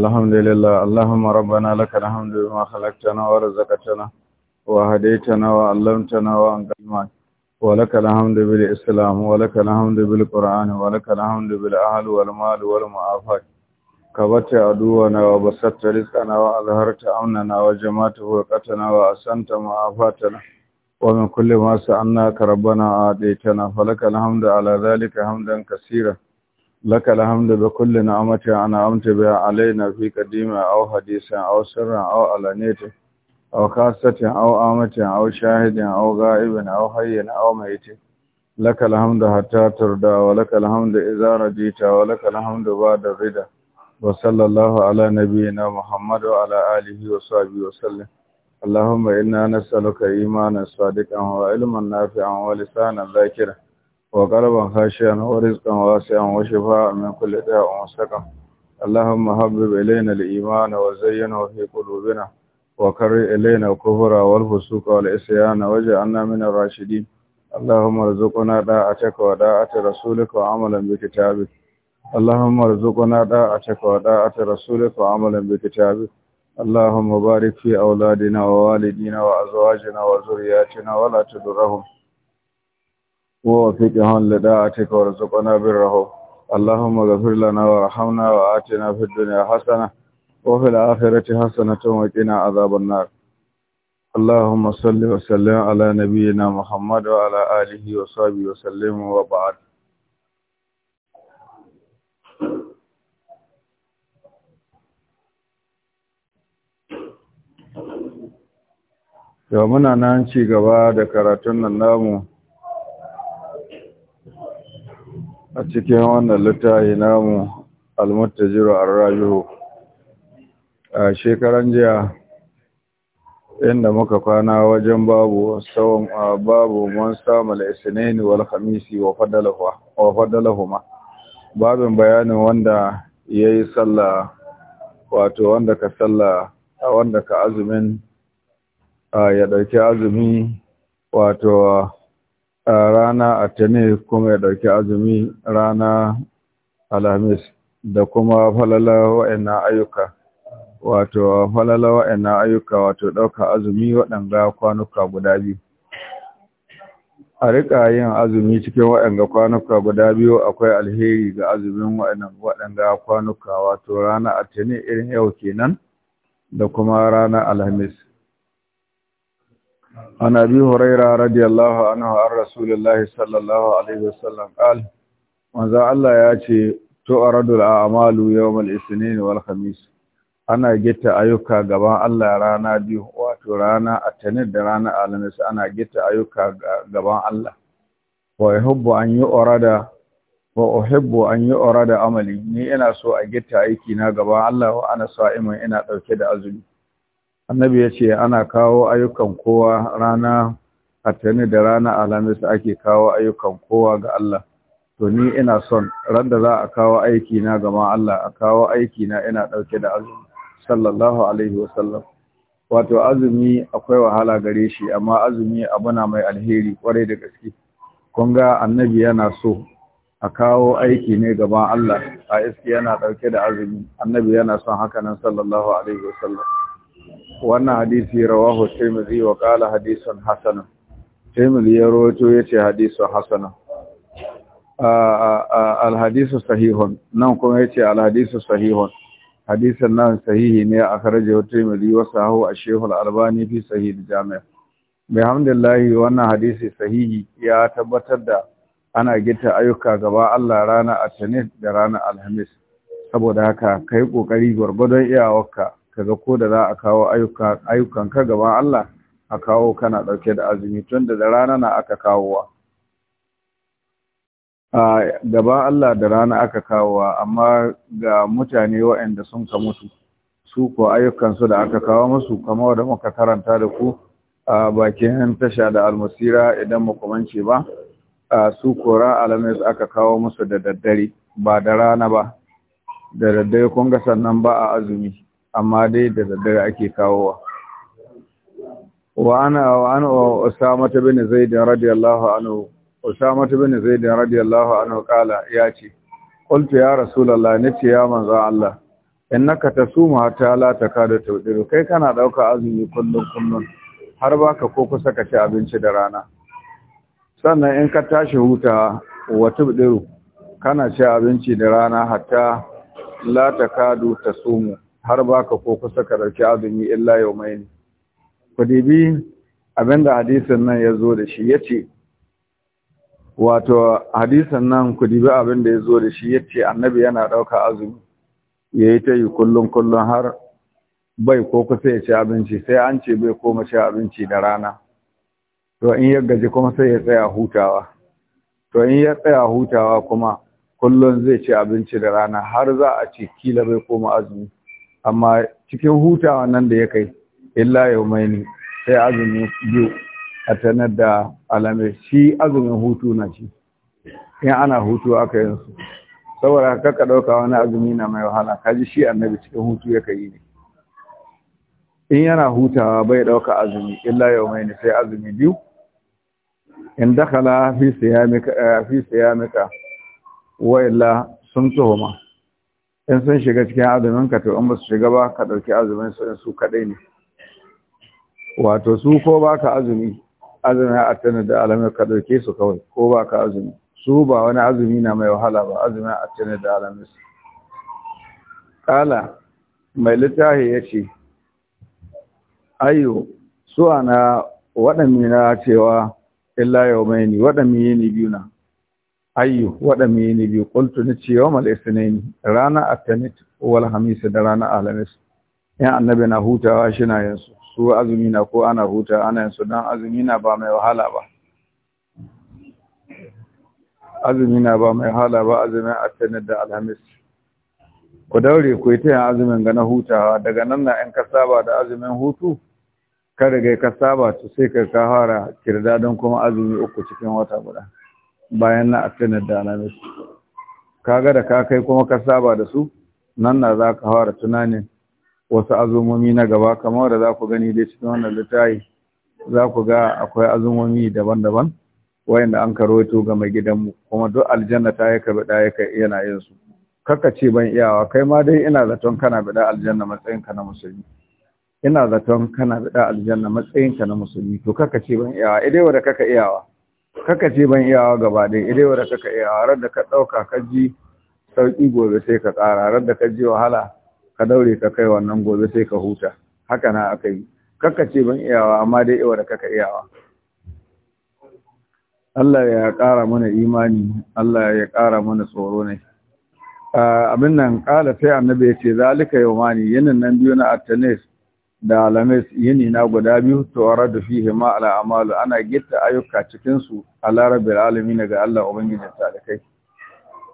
الحمد لله اللهم ربنا لك الحمد بما خلقتنا ورزقتنا وهديتنا وعلمتنا وأنقلمان ولك الحمد بالإسلام ولك الحمد بالقرآن ولك الحمد بالأهل والمال والمعافات كبت عدونا وبسطت رزقنا وأظهرت أمننا وجمعت فرقتنا وأسنت معافاتنا ومن كل ما سألناك ربنا آتيتنا فلك الحمد على ذلك حمدا كثيرا لك الحمد بكل نعمة أنعمت بها علينا في قديمة أو حديثة أو سر أو علانية أو خاصة أو آمة أو شاهد أو غائب أو حي أو ميت لك الحمد حتى ترضى ولك الحمد إذا رجيت ولك الحمد بعد الرضا وصلى الله على نبينا محمد وعلى آله وصحبه وسلم اللهم إنا نسألك إيمانا صادقا وعلما نافعا ولسانا ذاكرا وقلبا خاشعا ورزقا واسعا وشفاء من كل داء وسقم اللهم حبب إلينا الإيمان وزينه في قلوبنا وكرر إلينا الكفر والفسوق والعصيان واجعلنا من الراشدين اللهم ارزقنا طاعتك وطاعة رسولك وعملا بكتابك اللهم ارزقنا طاعتك وطاعة رسولك وعملا بكتابك اللهم بارك في أولادنا ووالدينا وأزواجنا وذرياتنا ولا تضرهم ووفقهم لداعتك ورزقنا بره اللهم اغفر لنا وارحمنا وآتنا في الدنيا حسنة وفي الآخرة حسنة وقنا عذاب النار اللهم صل وسلم على نبينا محمد وعلى آله وصحبه وسلم وبعد yau muna nan ci gaba da karatun nan namu a cikin wannan littafi namu almuttajiru arrajuhu a shekaran jiya inda muka kwana wajen babu sawan babu man samu al-isnain wal khamisi wa fadalahu wa fadalahuma babin bayanin wanda yayi sallah wato wanda ka sallah wanda ka azumin ya dauki azumi wato rana atani kuma ya ɗauki azumi rana alhamis da kuma falala wa'ina ayyuka wato falala wa'ina ayyuka wato ɗauka azumi waɗanga kwanuka guda biyu a riƙa yin azumi cikin waɗanga kwanuka guda biyu akwai alheri ga azumin waɗanga kwanuka wato rana atani irin yau kenan da kuma rana alhamis عن أبي هريرة رضي الله عنه عن رسول الله صلى الله عليه وسلم قال وانزع الله ياتي تعرض الأعمال يوم الاثنين والخميس ana gita ayyuka gaban Allah rana biyu wato rana atanin da rana alamis ana gita ayyuka gaban Allah wa uhibbu an yu'rada wa uhibbu amali ni ina so a gita aiki na gaban Allah wa ana iman ina dauke da azumi annabi ya ce ana kawo ayyukan kowa rana tani da rana alhamis ake kawo ayyukan kowa ga Allah to ni ina son ran da za a kawo aiki na gama Allah a kawo aiki na ina dauke da azumi sallallahu alaihi wasallam wato azumi akwai wahala gare shi amma azumi abu na mai alheri kwarai da gaske kun ga annabi yana so a kawo aiki ne gaban Allah a iski yana ɗauke da azumi annabi yana son haka nan sallallahu alaihi wasallam wannan hadisi rawahu tirmidhi wa qala hadisun hasan tirmidhi ya rawato yace hadisun hasan al hadisu sahihun nan kuma yace al hadisu sahihun hadisin nan sahihi ne a kharaje wa tirmidhi wa sahahu ash-shaykh al-albani fi sahih al-jami' wannan hadisi sahihi ya tabbatar da ana gita ayyuka gaba Allah rana Alhamis da rana Alhamis saboda haka kai kokari gurgudun iyawarka ga ko da za a kawo ayyukan ka gaban Allah a kawo kana ɗauke da azumi tun da rana na aka kawowa gaban Allah da rana aka kawowa amma ga mutane waɗanda sun ka mutu su ko ayyukansu da aka kawo musu kamar da muka karanta da ku a bakin tasha da almasira idan makamanci ba su ko ra'alamai alamis aka kawo musu da daddare ba da rana ba da daddare kun ga sannan ba a azumi amma dai da daddare ake kawowa wa ana wa ana usama bin zaid radiyallahu anhu usama bin zaid radiyallahu anhu kala yace qultu ya rasulullah nace ya manzo Allah innaka tasuma hatta la takadu tudiru kai kana dauka azumi kullun kullun har baka ko kusa ka ci abinci da rana sannan in ka tashi huta wa tubdiru kana ci abinci da rana hatta la takadu tasumu har baka ko kusa ka ɗauki azumi illa yau mai ne ku dibi abinda hadisin nan ya zo da shi ya ce wato hadisan nan ku dibi abin da ya zo da shi ya ce annabi yana ɗauka azumi ya yi ta yi kullum kullum har bai ko kusa ya ci abinci sai an ce bai koma ci abinci da rana to in ya gaji kuma sai ya tsaya hutawa to in ya tsaya hutawa kuma kullum zai ci abinci da rana har za a ce kila bai koma azumi amma cikin hutawa nan da ya kai illa yau ne sai azumi biyu a tanar da alamai shi azumin hutu na shi in ana hutu aka yin su saboda kaka ɗauka wani azumi na mai wahala kaji shi annabi cikin hutu ya kai ne in yana hutawa bai ɗauka azumi illa yau ne sai azumi biyu in dakala fi siyamika wa illa sun tuhuma in sun shiga cikin azumin ka to in ba su shiga ba ka ɗauki azumin su in su kaɗai ne wato su ko ba ka azumi azumi a tana da alamai ka ɗauke su kawai ko ba ka azumi su ba wani azumi na mai wahala ba azumi a tana da alamai su ƙala mai littafi ya ce ayyo su ana waɗanne na cewa illa yau mai ni waɗanne yini biyu na ayyu waɗanne yini biyu qultu ni ce yawmal isnain rana atanit wal hamis da rana alhamis in annabi na hutawa shi na yansu su azumi na ko ana huta ana yansu dan azumi na ba mai wahala ba azumi na ba mai wahala ba azumin atanit da alhamis ku daure ku yi ta yin azumin ga na hutawa daga nan na in ka saba da azumin hutu ka riga ka saba to sai ka ka fara kirda don kuma azumi uku cikin wata guda bayan na asinar da ka kaga da ka kai kuma ka saba da su nan na za ka fara tunanin wasu azumomi na gaba kamar da za ku gani dai cikin wannan littafi za ku ga akwai azumomi daban-daban wayanda an karoto ga mai gidanmu kuma duk aljanna ta yaka bida yaka yana yin su kaka ce ban iyawa kai ma dai ina zaton kana biɗa aljanna matsayin ka na musulmi ina zaton kana biɗa aljanna matsayin ka na musulmi to kaka ce ban iyawa idai wanda kaka iyawa kaka ce ban iyawa gaba ɗaya idewar kaka iyawa har da ka ɗauka ka ji sauƙi gobe sai ka ƙara har da ka ji wahala ka daure ka kai wannan gobe sai ka huta haka na aka yi kaka ce ban iyawa amma dai iwar kaka iyawa Allah ya ƙara mana imani Allah ya ƙara mana tsoro ne ah, abin nan ƙala sai annabi ya ce zalika yawmani yanin nan biyu na attanis da alamis yini na guda biyu tawara da fihe ma al'amalu ana gitta ayyuka cikinsu a larabar alami daga Allah Ubangijin talikai.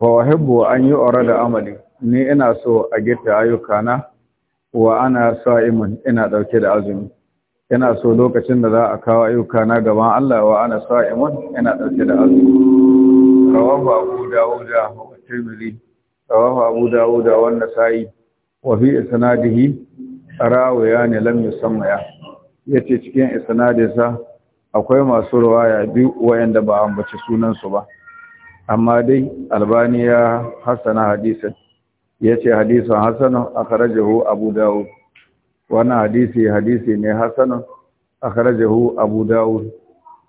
Wa wahibbu an yi ora da amali, ni ina so a gitta ayyuka na wa ana sa'imun ina ɗauke da azumi. Ina so lokacin da za a kawo ayyuka na gaban Allah wa ana sa'imun ina ɗauke da azumi. Rawahu Abu Dawuda wa Tirmidhi, rawahu Abu Dawuda wannan sa'i, wa fi isnadihi rawaya ne lam yusammaya yace cikin isnadinsa akwai masu rawaya biyu wayanda ba ambaci sunan su ba amma dai Albani ya hasana hadisin yace hadisin hasanun akhrajahu abu dawud wannan hadisi hadisi ne hasanun akhrajahu abu dawud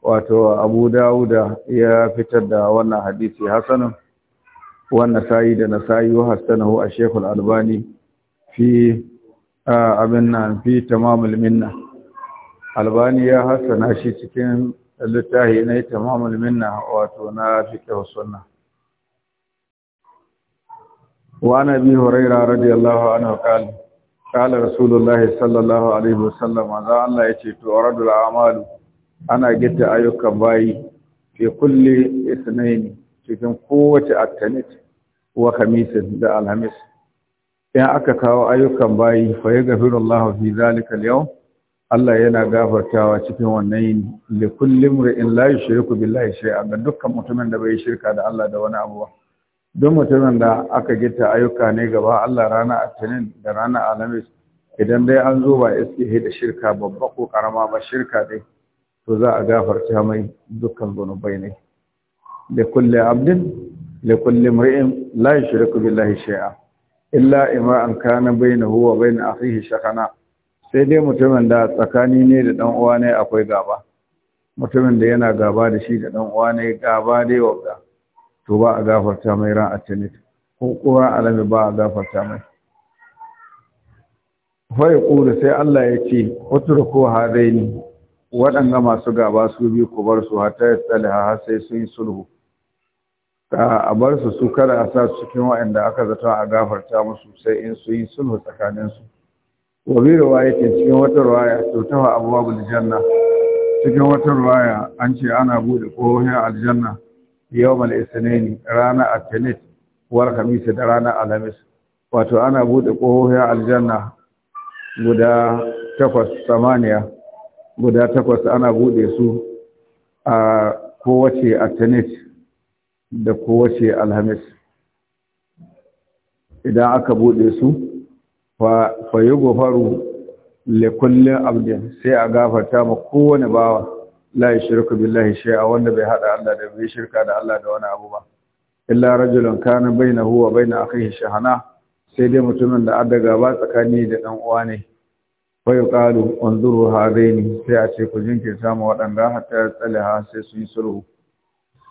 wato abu daud ya fitar da wannan hadisi hasanun wannan sayi da sayyid wa hasanahu a al albani fi abin nan fi tamamul minna albani ya hassana shi cikin littafi na tamamul minna wato na fiqh sunna wa nabi hurairah radiyallahu anhu qala qala rasulullahi sallallahu alaihi wasallam za Allah yace to radul a'malu ana gita ayyukan bayi fi kulli ithnain cikin kowace attanit wa khamisin da alhamis in aka kawo ayyukan bayi fa ya gafiru Allah fi zalika al Allah yana gafartawa cikin wannan yini li layi imrin la yushriku billahi shay'a ga dukkan mutumin da bai shirka da Allah da wani abu ba don mutumin da aka gita ayyuka ne gaba Allah rana Atinin da rana Alhamis idan dai an zo ba iske da shirka babba ko karama ba shirka dai to za a gafarta mai dukkan zunubai ne da kulle abdin da kulle mri'in la yushriku billahi shay'a illa ima an kana bainahu wa bain akhihi shakana sai dai mutumin da tsakani ne da dan uwa ne akwai gaba mutumin da yana gaba da shi da dan uwa ne gaba dai wanda to ba a gafarta mai ran atinit ko kuma alami ba a gafarta mai fa yaqulu sai Allah ya ce utruku hadaini waɗanga masu gaba su bi ku bar su hatta ya sai sun yi sulhu a bar su su kada a sa cikin wa'anda aka zata a gafarta musu sai in su yi sulhu tsakaninsu wa bi ke cikin wata riwaya to ta wa abwabul janna cikin wata riwaya an ce ana bude kohohin aljanna al isnaini rana at wa al khamis da rana alhamis wato ana bude kohohin aljanna guda takwas samaniya guda takwas ana bude su a kowace at thalith da kowace alhamis idan aka buɗe su fa yi gofaru lekullin abdin sai a gafarta ma kowane bawa layi shirka billahi shai'a wanda bai haɗa Allah da bai shirka da Allah da wani abu ba illa rajulun kana baina huwa baina akhihi shahana sai dai mutumin da adda ba tsakani da ɗan uwa ne fa yuqalu unzuru hadaini sai a ce ku jinkirta ma waɗanda hatta tsalaha sai su yi sulhu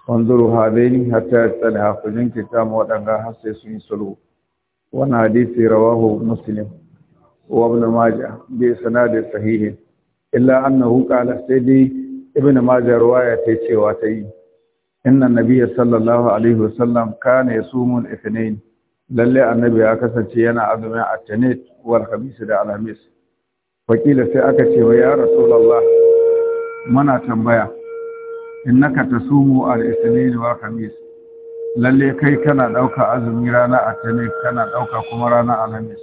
wanzuru hadaini hatta yasalaha ku jinkirta mu waɗanga har sai sun yi sulhu wannan hadisi rawahu muslim wa ibn majah bi sanadin sahih illa annahu qala sai dai ibn majah riwaya ta cewa ta yi inna nabiyya sallallahu alaihi wasallam kana yasumul ithnain lalle annabi ya kasance yana azumin at-tanit wal khamis da alhamis wakila sai aka ce wa ya rasulullah muna tambaya innaka tasumu al-ithnain wa khamis lalle kai kana dauka azumi rana atani kana dauka kuma rana alhamis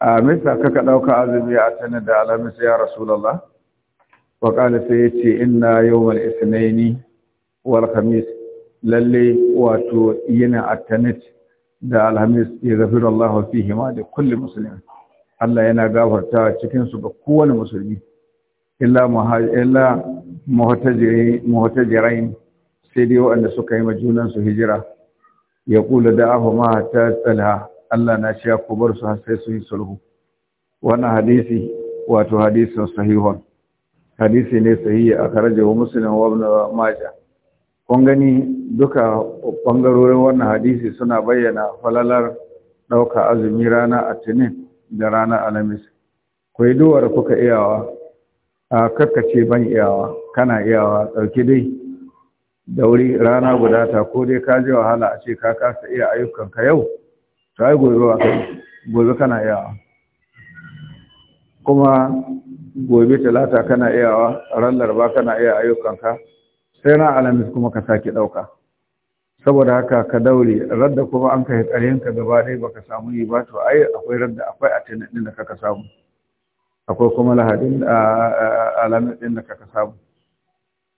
a misa kaka dauka azumi atani da alhamis ya rasulullah wa qala sai yace inna yawmal ithnain wal khamis lalle wato yana atani da alhamis ya gafiru Allah fihi ma da kulli muslimin Allah yana gafarta cikin su ga kowane musulmi illa muhajir illa muhtajirai sai dai waɗanda suka yi ma junansu hijira ya kula da ahu ma ta tsala Allah na shi ya bar su har sai su yi sulhu wannan hadisi wato hadisin sahihon hadisi ne sahihi a wa musulun wa ibn maja kun gani duka bangarorin wannan hadisi suna bayyana falalar ɗauka azumi rana atinin da rana alamis ku yi duwar kuka iyawa a ce ban iyawa kana iyawa ɗauki dai da wuri rana guda ta ko dai ka ji wahala a ce ka kasa iya ayyukanka yau to ai gobe ba kai gobe kana iyawa kuma gobe talata kana iyawa ran laraba kana iya ayyukanka sai na alamis kuma ka sake ɗauka saboda haka ka daure radda kuma an kai ƙaryenka gaba ɗaya baka samu yi ba to ai akwai radda akwai a tunanin da kaka samu akwai kuma lahadin alamar ɗin da kaka samu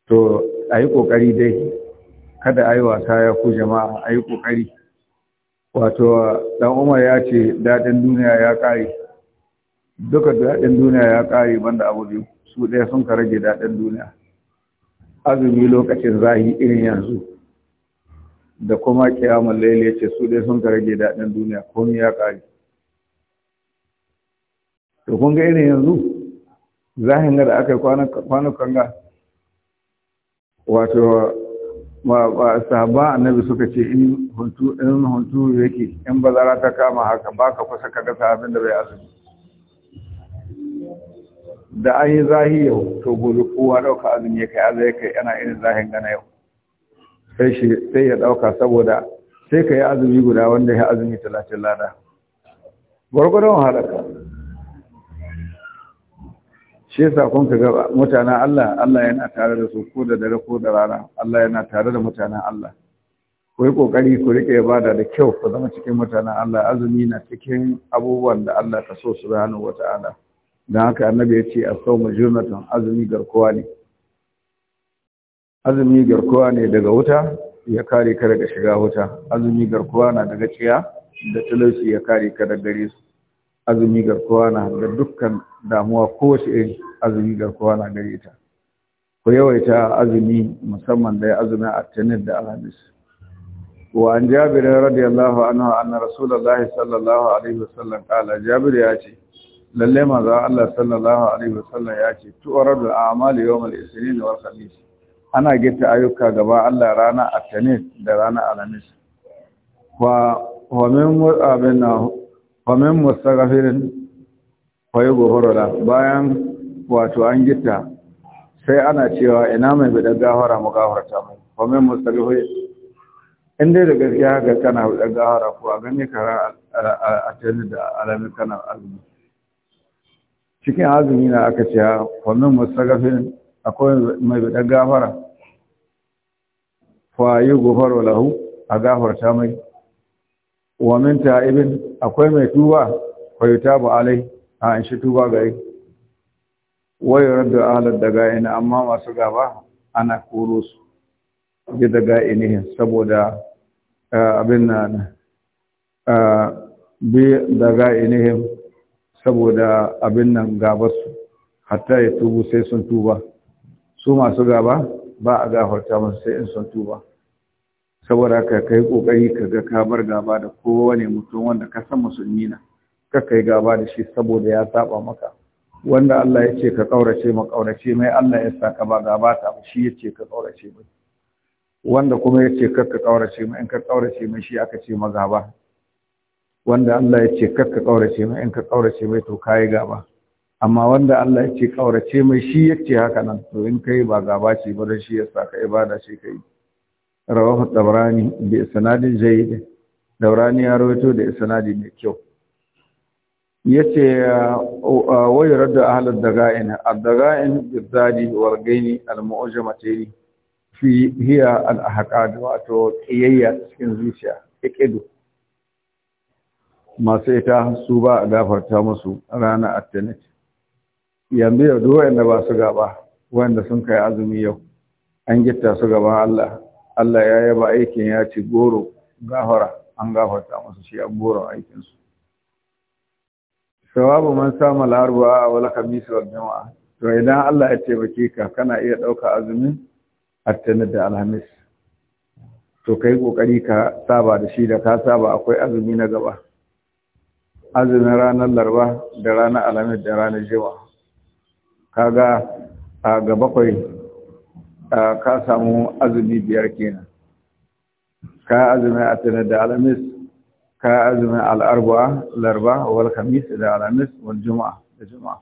to a yi ƙoƙari dai kada a yi wasa ya ku jama'a a yi ƙoƙari wato ɗan umar ya ce daɗin duniya ya ƙare duka daɗin duniya ya ƙare banda abu biyu su ɗaya sun ka rage daɗin duniya azumi lokacin zahi irin yanzu da kuma kiyamun laila ya ce su ɗaya sun ka rage daɗin duniya komi ya ƙare to kun ga irin yanzu zahin da aka yi kwanukan ga wato ba sahaba annabi suka ce in huntu in huntu yake in bazara ta kama haka baka kusa kaga sahabin da bai azumi. da an yi zahi yau to gobe kowa dauka azumi ya kai azai kai yana irin zahin gana yau sai shi sai ya dauka saboda sai ka yi azumi guda wanda ya azumi talatin lada gwargwadon halaka shi yasa kun ka ga mutanen Allah Allah yana tare da su ko da dare ko da rana Allah yana tare da mutanen Allah ku yi kokari ku rike ibada da kyau ku zama cikin mutanen Allah azumi na cikin abubuwan da Allah ka so subhanahu wata'ala dan haka annabi ya ce as-sawmu azumi garkuwa ne azumi garkuwa ne daga wuta ya kare ka daga shiga wuta azumi garkuwa na daga ciya da talauci ya kare ka daga gare su azumi garkuwa na da dukkan damuwa kowace iri azumi kowa na gare ta ku yawaita azumi musamman da azumin attanin da alhamis wa an jabir radiyallahu anhu anna rasulullahi sallallahu alaihi wasallam kala jabir ya ce lalle manzo Allah sallallahu alaihi wasallam ya ce tu'radu a'malu yawmal isnin wal khamis ana gita ayyuka gaba Allah rana attanin da rana alhamis wa wamin mu'abina abin mustaghfirin fa yughfaru bayan wato an gita sai ana cewa ina mai bi dan gafara mu gafarta mai ko mai musalihu in dai da gaskiya ga kana bi gafara ko a gane ka a tani da alamin kana azumi cikin azumi na aka ce ko mai musalihu akwai mai bi dan gafara fa yi gufaro lahu a gafarta mai wa min ta'ibin akwai mai tuba ta yutabu alai a in shi tuba yi. wayo da ahalar daga ina amma masu gaba ana koro su bi daga inihin saboda eh, abin na eh, bi daga inihin saboda abin nan su hatta ya tubu sai sun tuba su masu gaba ba a gafarta masu sai in sun tuba saboda ka kai kokari ka ga ka bar gaba da kowane mutum wanda ka san musulmi na ka kai gaba da shi saboda ya saba maka wanda Allah ya ce ka ƙaurace ma ƙaurace mai Allah ya sa ka ba gaba ta shi ya ce ka ƙaurace mai wanda kuma ya ce kakka ƙaurace mai in ka ƙaurace mai shi aka ce ma gaba wanda Allah ya ce kakka ƙaurace mai in ka ƙaurace mai to ka yi gaba amma wanda Allah ya ce ƙaurace mai shi ya ce haka nan to in ka yi ba gaba ce ba don shi ya sa ka ibada ce kai rawahu tabrani bi sanadin jayyid daurani ya rawaito da sanadi mai kyau yace uh, uh, wa radda ahlud daga'in ad-daga'in bizadi wal gaini al-mu'jamatayn fi hiya al-ahqad wato qiyayya cikin zuciya ikidu masu ita su ba a gafarta musu rana attanit yanzu yau duk wanda ba su gaba wanda sun kai azumi yau an gitta su gaba Allah Allah ya yaba aikin ya ci goro gafara an gafarta musu shi an goro aikinsu sawabu man sama laruwa a wal khamis wal jumu'a to idan Allah ya taimake ka kana iya ɗauka azumin attanin da alhamis to kai kokari ka saba da shi da ka saba akwai azumi na gaba azumin ranar larba da ranar alhamis da ranar juma kaga a ga bakwai ka samu azumi biyar kenan ka azumin attanin da alhamis ka azumin al'arba larba wal khamis da alhamis wal juma'a da juma'a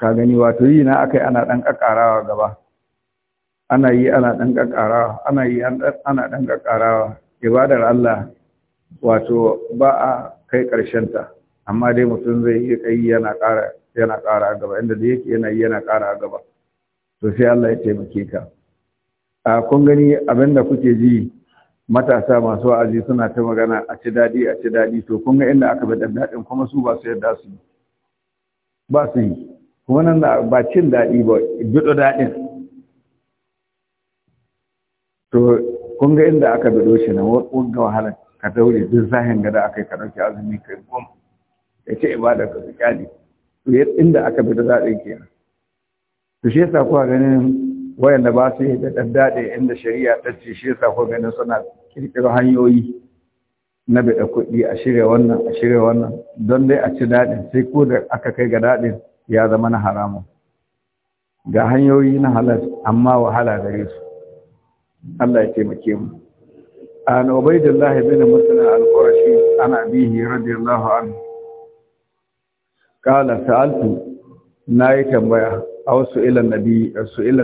ka gani wato yi na akai ana dan kakarawa gaba ana yi ana dan kakarawa ana yi ana dan ibadar Allah wato ba a kai karshen ta amma dai mutum zai yi kai yana ƙara yana gaba inda da yake yana yi yana ƙara gaba to sai Allah ya taimake ka a kun gani abin da kuke ji matasa masu wa'azi suna ta magana a ci daɗi a ci daɗi to kun ga inda aka bi daɗin kuma su ba su yarda su yi ba su yi kuma nan ba cin daɗi ba biɗo daɗin to kun ga inda aka biɗo shi na wanga wahala ka daure duk zahin gada aka yi ka ɗauki azumi ka yi gwam ya ce ibada ka su kyali to inda aka biɗo daɗin kenan to shi yasa kuwa ganin wayanda ba su yi da daɗe inda shari'a ta ce shi yasa kuwa ganin suna Kirkiro hanyoyi na bada kuɗi a shirya wannan a shirya wannan don dai a ci daɗin sai ko da aka kai ga daɗin ya zama na haramun ga hanyoyi na halal amma wahala gare su Allah ya taimake mu an ubaidillah ibn muslim al-qurashi ana bihi radiyallahu anhu qala sa'altu yi tambaya a wasu nabi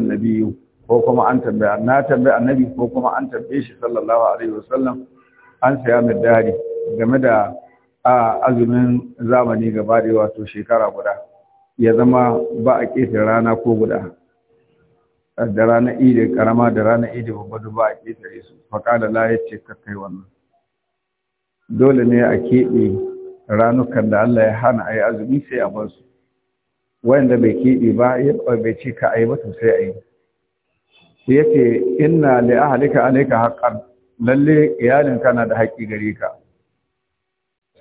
nabiyu ko kuma an tambaye na tambaye annabi ko kuma an tambaye shi sallallahu alaihi wasallam an saya mai dari game da azumin zamani gaba da wato shekara guda ya zama ba a ƙetare rana ko guda da rana idi karama da rana idi babba ba a ƙetare su faƙala la ya ce kai wannan dole ne a keɓe ranukan da Allah ya hana a yi azumi sai a bar su wanda bai keɓe ba bai ce ka a yi ba to sai a yi yake inna li ahlika alayka haqqan lalle iyalin kana da haƙƙi gare ka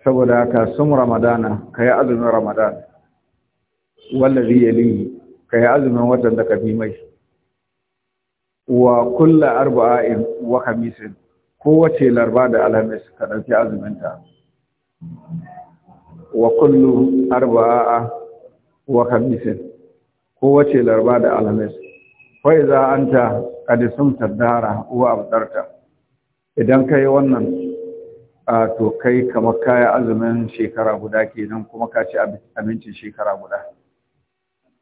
saboda ka sum ramadana kai azumin ramadana wallazi yali kai azumin watan da ka bi mai wa kullu arba'in wa khamisin kowace larba da alhamis ka dauki azumin ta wa kullu arba'a wa khamisin kowace larba da alhamis faiza za an ta ƙadisun taddara uwa abdarta idan ka yi wannan a to kai kama kaya azumin shekara guda ke nan kuma ka ci abincin shekara guda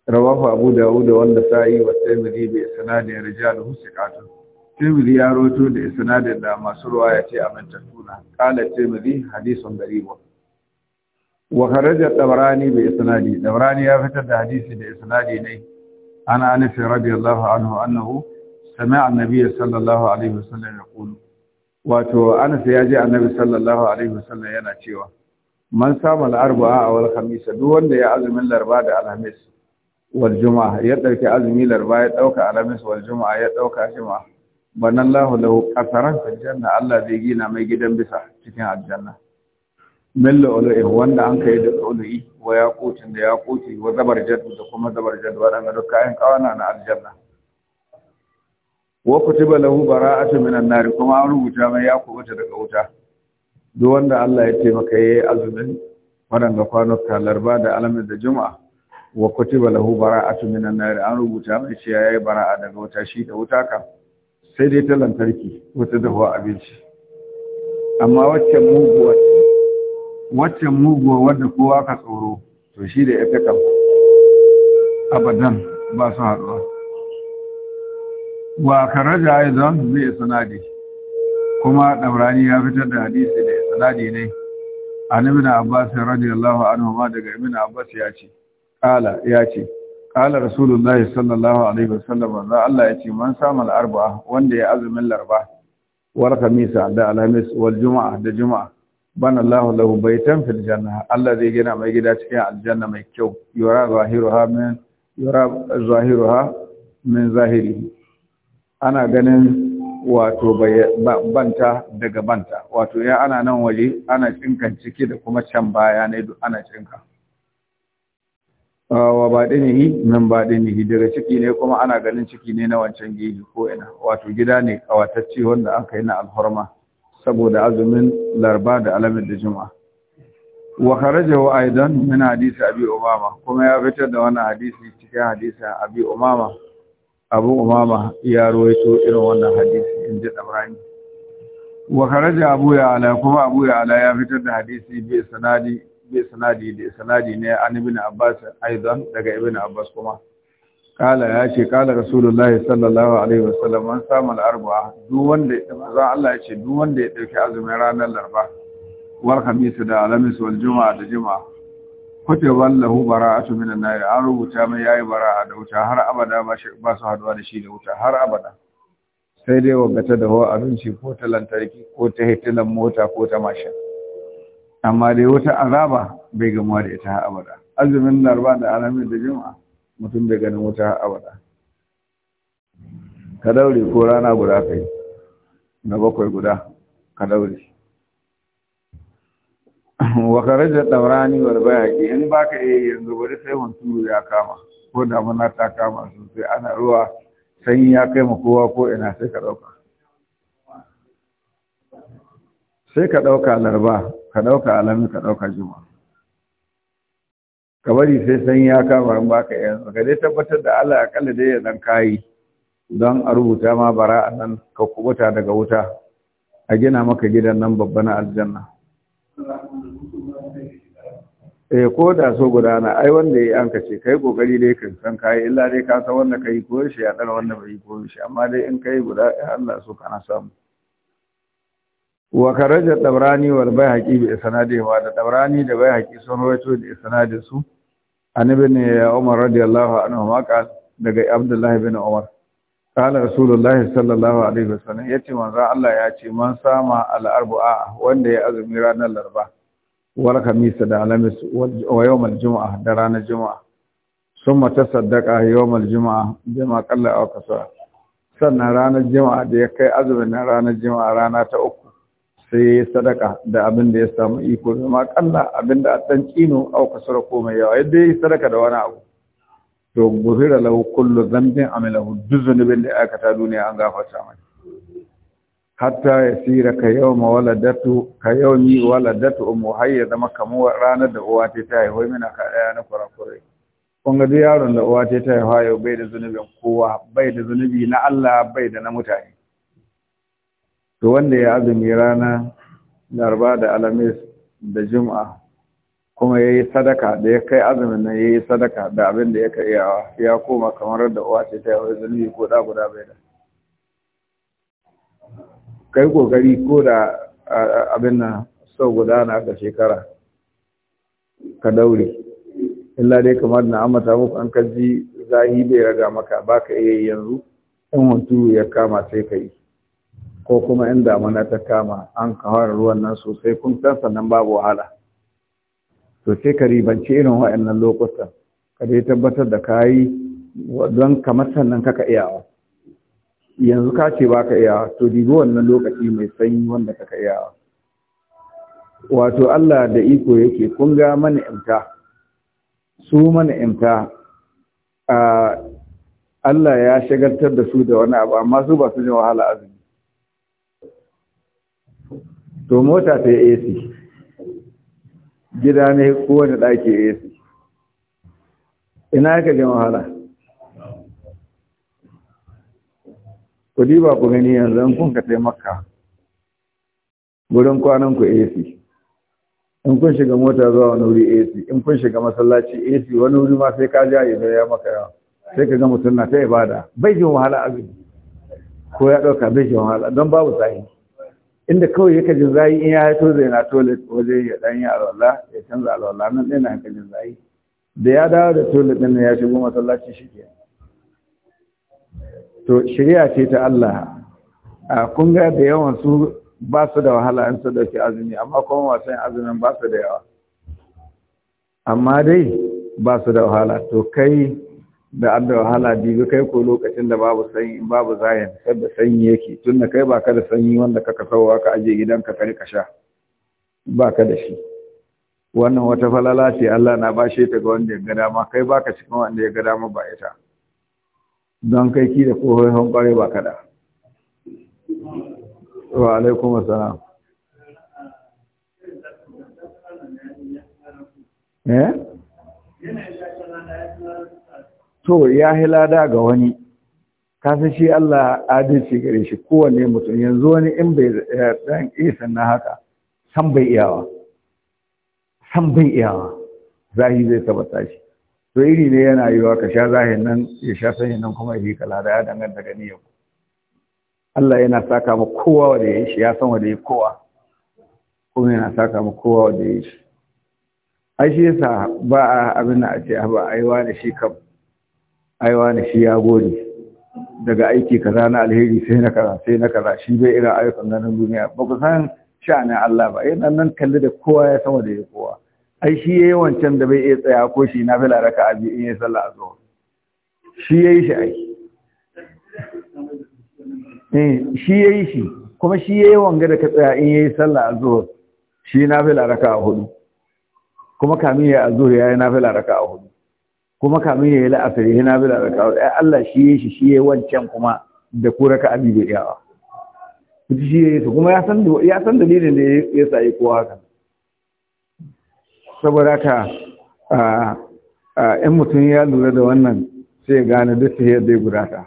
rawahu abu dawud wanda yi wa tirmidhi bi da rijaluhu siqatun tirmidhi ya roto da isnadin da masu ruwa ya ce amintattuna kala tirmidhi hadisun garib wa kharaja tabarani mai sinadi, tabarani ya fitar da hadisi da sinadi ne أنا أنس رضي الله عنه أنه سمع النبي صلى الله عليه وسلم يقول wato Anas ya ji Annabi sallallahu alaihi wasallam yana cewa man sama al-arba'a wal khamisa duk wanda ya azumi larba da alhamis wal juma'a ya dauki azumi larba ya dauka alhamis wal juma'a ya dauka juma'a banallahu lahu qasaran fil janna Allah zai gina mai gidan bisa cikin aljanna min lu'lu'in wanda an kai da lu'lu'i wa yaqutin da yaquti wa Zabar zabarjad da kuma Zabar zabarjad waɗanda duk kayan kawana na aljanna wa kutiba lahu bara'atu minan nari kuma an rubuta mai ya kubuta daga wuta duk wanda Allah ya taimaka yayi azumin wadanda kwanuka larba da alamin da juma'a wa kutiba lahu bara'atu minan nari an rubuta mai shi yayi bara'a daga wuta shi da wuta kam, sai dai ta lantarki wata dahuwa abinci amma wacce muguwar wacce muguwa wadda kowa ka tsoro to shi da ya fi abadan ba su haɗuwa wa karaja aizan zai sanadi kuma ɗaurani ya fitar da hadisi da sanadi ne an ibn abbas radiyallahu anhu ma daga ibn abbas ya ce Ƙala ya ce kala rasulullahi sallallahu alaihi wasallam za Allah ya ce man samun arba wanda ya azumin larba war kamisa da alhamis wal juma'a da juma'a bana Allah lahu baitan fil janna Allah zai gina mai gida cikin aljanna mai kyau yura zahiruha min yura zahiruha min zahiri ana ganin wato banta daga banta wato ya ana nan waje ana cinkan ciki da kuma can baya ne duk ana cinka ah, wa nan min baɗinihi daga ciki ne kuma ana ganin ciki ne na wancan gidi ko ina wato gida ne kawatacce wanda aka yi na alhurma saboda azumin larba da alamin da juma. wa wa aidan min hadisi abi umama kuma ya fitar da wannan hadisi cikin hadisi abi umama abu umama ya rawaito irin wannan hadisi inji dabrani wa kharaja abu ya ala kuma abu ya ala ya fitar da hadisi bi sanadi bi sanadi da sanadi ne an ibn abbas aidan daga ibn abbas kuma kala ya ce kala rasulullahi sallallahu alaihi wasallam duk wanda Allah ya ce duk wanda ya dauki azumin ranar larba wal da alamis wal juma'a da juma'a kutiba lahu bara'atu minan an rubuta mai yayi bara'a da wuta har abada ba su haduwa da shi da wuta har abada sai dai wagata da hawa abinci ko ta lantarki ko ta hitilan mota ko ta mashin amma dai wata azaba bai gamuwa da ita har abada azumin larba da alamin da juma'a mutum da ganin wuta abada ka daure ko rana guda kai na bakwai guda ka daure wa karaja daurani wal bayaqi in baka eh yanzu bari sai hunturu ya kama ko damuna ta kama sosai ana ruwa sanyi ya kai ma kowa ko ina sai ka dauka sai ka dauka larba ka dauka alami ka dauka juma'a Kabari sai san ya kama in baka yanzu ka dai tabbatar da Allah ya kalla dai ya dan kayi don a rubuta ma bara a nan ka kubuta daga wuta a gina maka gidan nan babba na aljanna eh ko da so gudana ai wanda yayi an kace kai kokari dai kan san kai illa dai ka san wanda kai ko shi ya dan wanda bai ko shi amma dai in kai guda Allah so kana samu wa karaja tabrani wal bayhaqi bi isnadihi da tabrani da bayhaqi sun rawaito da da su annabi ne Umar radiyallahu anhu ma qal daga Abdullahi bin Umar qala Rasulullah sallallahu alaihi wasallam yace manzo Allah ya ce man sama al arba'a wanda ya azumi ranar larba wal khamis da alamis wa yawm al jum'a da ranar jum'a summa tasaddaqa yawm al jum'a bima qalla aw kasara sannan ranar jum'a da ya kai azumin ranar jum'a rana ta uku sai ya sadaka da abin da ya samu iko zama kalla abin da dan kino au kasara mai yawa yadda ya sadaka da wani abu to gurira lahu kullu dhanbin amilahu duk zunubin da aka ta duniya an gafarta mai hatta ya yasira ka yau ma waladatu ka ni waladatu ummu hayya da kamuwar ranar da uwa ta ta haihuwa mina ka daya na kurakurai kun ga duk yaron da uwa ta ta haihuwa bai da zunubin kowa bai da zunubi na Allah bai da na mutane to wanda ya azumi rana larba da alamis da juma'a kuma ya yi sadaka da ya kai azumin nan ya yi sadaka da abin da ya ka iyawa ya koma kamar da uwa ce ta yawai zunubi ko da guda bai da kai kokari ko da abin nan sau guda na ga shekara ka daure illa dai kamar na amata muku an kaji zahi bai raga maka baka iya yanzu in hunturu ya kama sai ka yi ko kuma in damana ta kama an kawara ruwan nan sosai kun san sannan babu wahala to sai ka ribance irin wa'annan lokutan ka dai tabbatar da ka yi don kamar sannan kaka iyawa yanzu ka ce ba ka iyawa to dibi wannan lokaci mai sanyi wanda kaka iyawa wato Allah da iko yake kun ga mana imta su mana imta Allah ya shagaltar da su da wani abu amma su ba su ne wahala azumi to mota ta AC gida ne kowane ɗaki AC ina aka jin wahala ku ba ku gani yanzu kun ka taimaka gudun kwanan ku AC in kun shiga mota zuwa wani wuri AC in kun shiga masallaci AC wani wuri ma sai ka ja idan ya maka yawa sai ka ga mutum na ta ibada bai jin wahala abin ko ya ɗauka bai jin wahala don babu sahihi inda kawai yake jin zayi in ya to zai na toilet waje ya dan ya alwala ya canza alwala nan ɗaya na jin zayi da ya dawo da toilet ɗin ya shigo masallaci shi ke to shari'a ce ta Allah a kun ga da yawan su ba su da wahala in su dauki azumi amma kuma wasan azumin ba su da yawa amma dai ba su da wahala to kai da adda wahala dibi kai ko lokacin da babu sanyi babu zayin da sanyi yake tun da kai baka da sanyi wanda ka sauwa ka aje gidanka ka rika sha baka da shi wannan wata falala ce Allah na bashe ta ga wanda ya ga dama kai baka cikin wanda ya ga dama ba ita don kai ki da kohon kware ba kada wa alaikum assalam eh to ya hilada ga wani kasan shi Allah adalci gare shi kowane mutum yanzu wani in bai eh, dan isan na haka san bai iyawa san bai iyawa zahi zai tabbata shi to iri ne yana yiwa ka sha zahin nan ya sha sanyin nan kuma yi kala da ya danganta da niyyar Allah yana saka ma kowa wanda ya shi ya san wanda ya kowa kuma yana saka ma kowa wanda ya shi ai shi yasa ba a abin a ce ba a yi wa da shi kam aiwa na shi ya gode daga aiki kaza na alheri sai na kaza sai na kaza shi bai irin ayyukan ganin duniya ba ku san sha'anin Allah ba yana nan kalli da kowa ya sama da ya kowa ai shi yayi wancan da bai iya tsaya ko shi na fila raka abi in ya sallah zuwa shi yayi shi ai eh shi yayi shi kuma shi yayi wanga da ka tsaya in yayi sallah zuwa shi na fila raka hudu kuma kamin ya ya yayi na fila raka hudu kuma kamin ya yi la'afiri ya na bila da kawo ɗaya Allah shi ya shi shi ya wancan kuma da kura ka abi bai yawa kuci shi ya yi su kuma ya san dalilin da ya sa yi kowa kan saboda ka in mutum ya lura da wannan sai gane duk sai ya gudata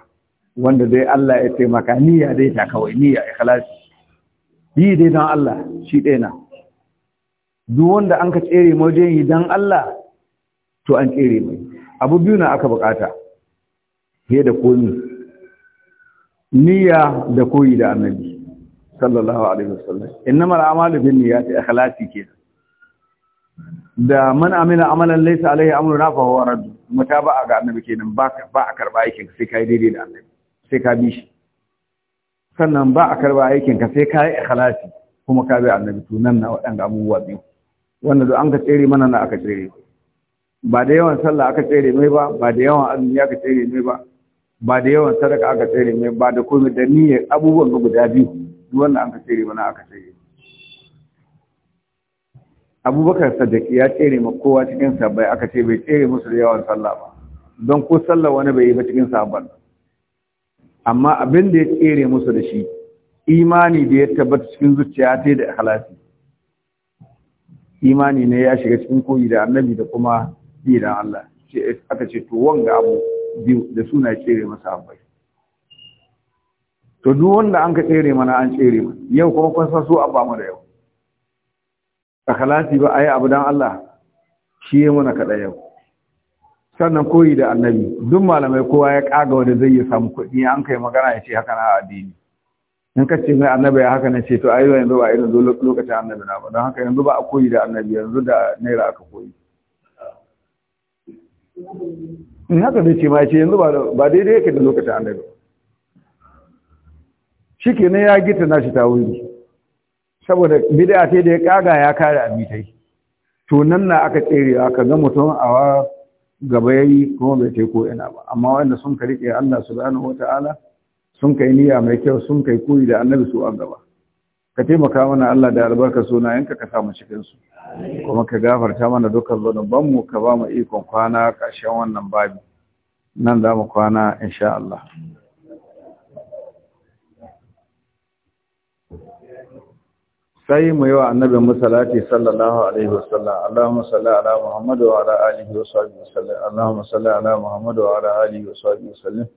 wanda dai Allah ya taimaka niyya dai ta kawai niyya ikhlasi yi dai don Allah shi ɗaya na duk wanda an ka tsere mawajen yi don Allah to an tsere mai abu biyu na aka bukata fiye da komi niyya da koyi da annabi sallallahu alaihi wasallam innamal a'malu bin niyyati ikhlasi ke? da man amila amalan laysa alaihi amruna fa huwa rad mutaba'a ga annabi kenan ba ba a karba aikin sai kai daidai da annabi sai ka bi shi sannan ba a karba aikin ka sai kai ikhlasi kuma ka bi annabi to nan na wadanda abubuwa biyu wanda duk an ka tsere mana na aka tsere ba da yawan sallah aka tsere mai ba ba da yawan azumi aka tsere mai ba ba da yawan sadaka aka tsere mai ba da komai da niyyar abubuwan ga guda biyu duk wanda an ka tsere mana aka tsere abubakar sadaki ya tsere ma kowa cikin sabbai aka ce bai tsere musu da yawan sallah ba don ko sallah wani bai yi ba cikin sabon amma abin da ya tsere musu da shi imani da ya tabbata cikin zuciya ta da halasi imani ne ya shiga cikin koyi da annabi da kuma bi da Allah aka ce to wanga abu biyu da suna tsere masa abai to duk wanda an ka tsere mana an tsere mana yau kuma kun san su abba mu da yau akhlasi ba ayi abu dan Allah shi ya mana kada yau sannan koyi da annabi duk malamai kowa ya kaga wanda zai yi samu kuɗi an kai magana ya ce haka na addini in ka ce mai annabi ya haka na ce to ayi yanzu ba irin lokacin annabi na ba don haka yanzu ba a koyi da annabi yanzu da naira aka koyi in haka zai ce ma ce yanzu ba daidai yake da lokacin annabi shi ke na ya gita nashi ta wuri saboda bid'a ce da ya kaga ya kare abitai to nan na aka tsere aka ga mutum a wa gaba yi kuma bai tai ko ina ba amma wanda sun ka rike Allah subhanahu ta'ala, sun kai niyya mai kyau sun kai koyi da annabi su an gaba ka taimaka mana Allah da albarka suna yanka ka samu cikin su kuma ka gafarta mana dukkan zunuban mu ka ba mu ikon kwana ƙarshen wannan babi nan za mu kwana insha Allah sai mu yi wa annabin musalati sallallahu alaihi wasallam Allahumma salli ala Muhammadu wa ala alihi wa sahbihi wasallam salli ala Muhammadu wa ala alihi wa wasallam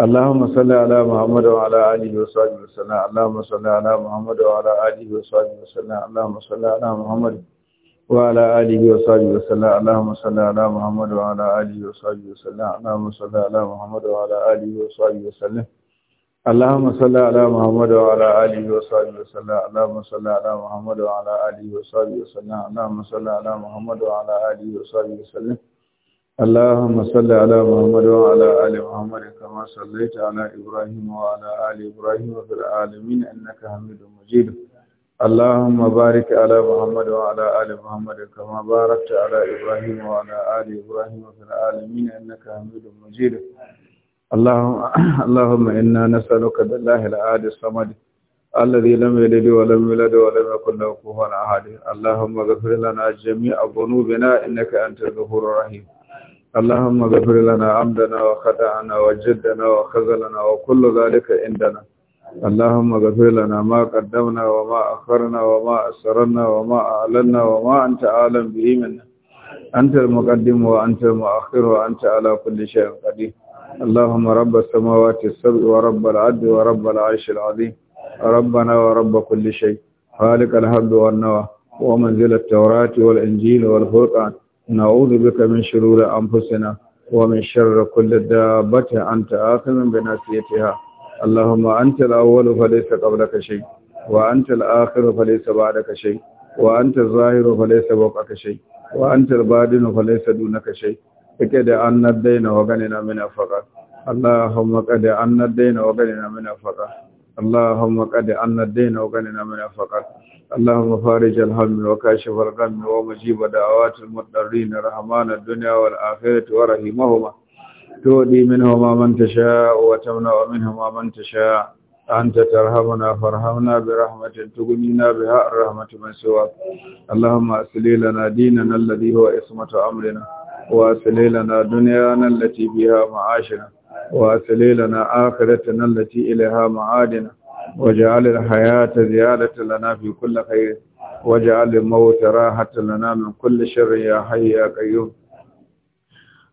اللهم صل على محمد وعلى اله وصحبه وسلم اللهم صل على محمد وعلى اله وصحبه وسلم اللهم صل على محمد وعلى اله وصحبه وسلم اللهم صل على محمد وعلى اله وصحبه وسلم اللهم صل على محمد وعلى اله وصحبه وسلم اللهم صل على محمد وعلى اله وصحبه وسلم اللهم صل على محمد وعلى اله وصحبه وسلم اللهم صل على محمد وعلى اله وصحبه وسلم اللهم صل على محمد وعلى آل محمد كما صليت على إبراهيم وعلى آل إبراهيم في العالمين إنك حميد مجيد اللهم بارك على محمد وعلى آل محمد كما باركت على إبراهيم وعلى آل إبراهيم في العالمين إنك حميد مجيد اللهم اللهم إنا نسألك بالله العاد الصمد الذي لم يلد ولم يولد ولم يكن له كفوا أحد اللهم اغفر لنا جميع ذنوبنا إنك أنت الغفور الرحيم اللهم اغفر لنا عمدنا وخدعنا وجدنا وخزلنا وكل ذلك عندنا اللهم اغفر لنا ما قدمنا وما أخرنا وما أسررنا وما أعلنا وما أنت أعلم به منا أنت المقدم وأنت المؤخر وأنت على كل شيء قدير اللهم رب السماوات السبع ورب العد ورب العيش العظيم ربنا ورب كل شيء خالق الحب والنوى ومنزل التوراة والإنجيل والفرقان نعوذ بك من شرور أنفسنا ومن شر كل دابة أنت من بناسيتها اللهم أنت الأول فليس قبلك شيء وأنت الآخر فليس بعدك شيء وأنت الظاهر فليس بوقك شيء وأنت البادن فليس دونك شيء اكد أن الدين وغننا من أفقر اللهم قد أن الدين وغننا من أفقر اللهم قد أن الدين وغننا من أفقر اللهم فارج الهم وكاشف الغم ومجيب دعوات المضطرين رحمان الدنيا والآخرة ورحمهما تؤدي منهما من تشاء وتمنع منهما من تشاء أنت ترحمنا فارحمنا برحمة تغنينا بها الرحمة من سواك اللهم أسلي لنا ديننا الذي هو عصمة أمرنا وأسلي لنا دنيانا التي بها معاشنا وأسلي لنا آخرتنا التي إليها معادنا واجعل الحياة زيادة لنا في كل خير واجعل الموت راحة لنا من كل شر يا حي يا قيوم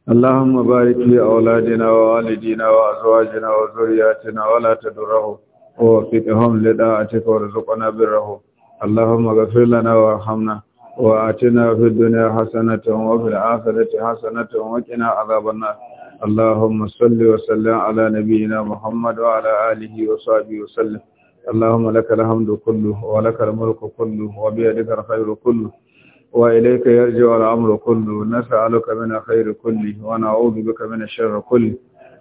اللهم بارك في أولادنا ووالدينا وأزواجنا وذرياتنا ولا تدره ووفقهم لداعتك ورزقنا بره اللهم اغفر لنا وارحمنا وآتنا في الدنيا حسنة وفي الآخرة حسنة وقنا عذاب النار اللهم صل وسلم على نبينا محمد وعلى آله وصحبه وسلم اللهم لك الحمد كله ولك الملك كله وبيدك الخير كله وإليك يرجع الأمر كله نسألك من خير كله ونعوذ بك من الشر كله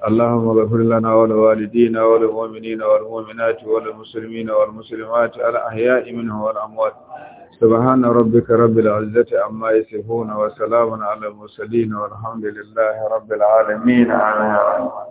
اللهم اغفر لنا ولوالدينا وللمؤمنين والمؤمنات وللمسلمين والمسلمات الأحياء منهم والأموات سبحان ربك رب العزة عما يصفون وسلام على المرسلين والحمد لله رب العالمين آمين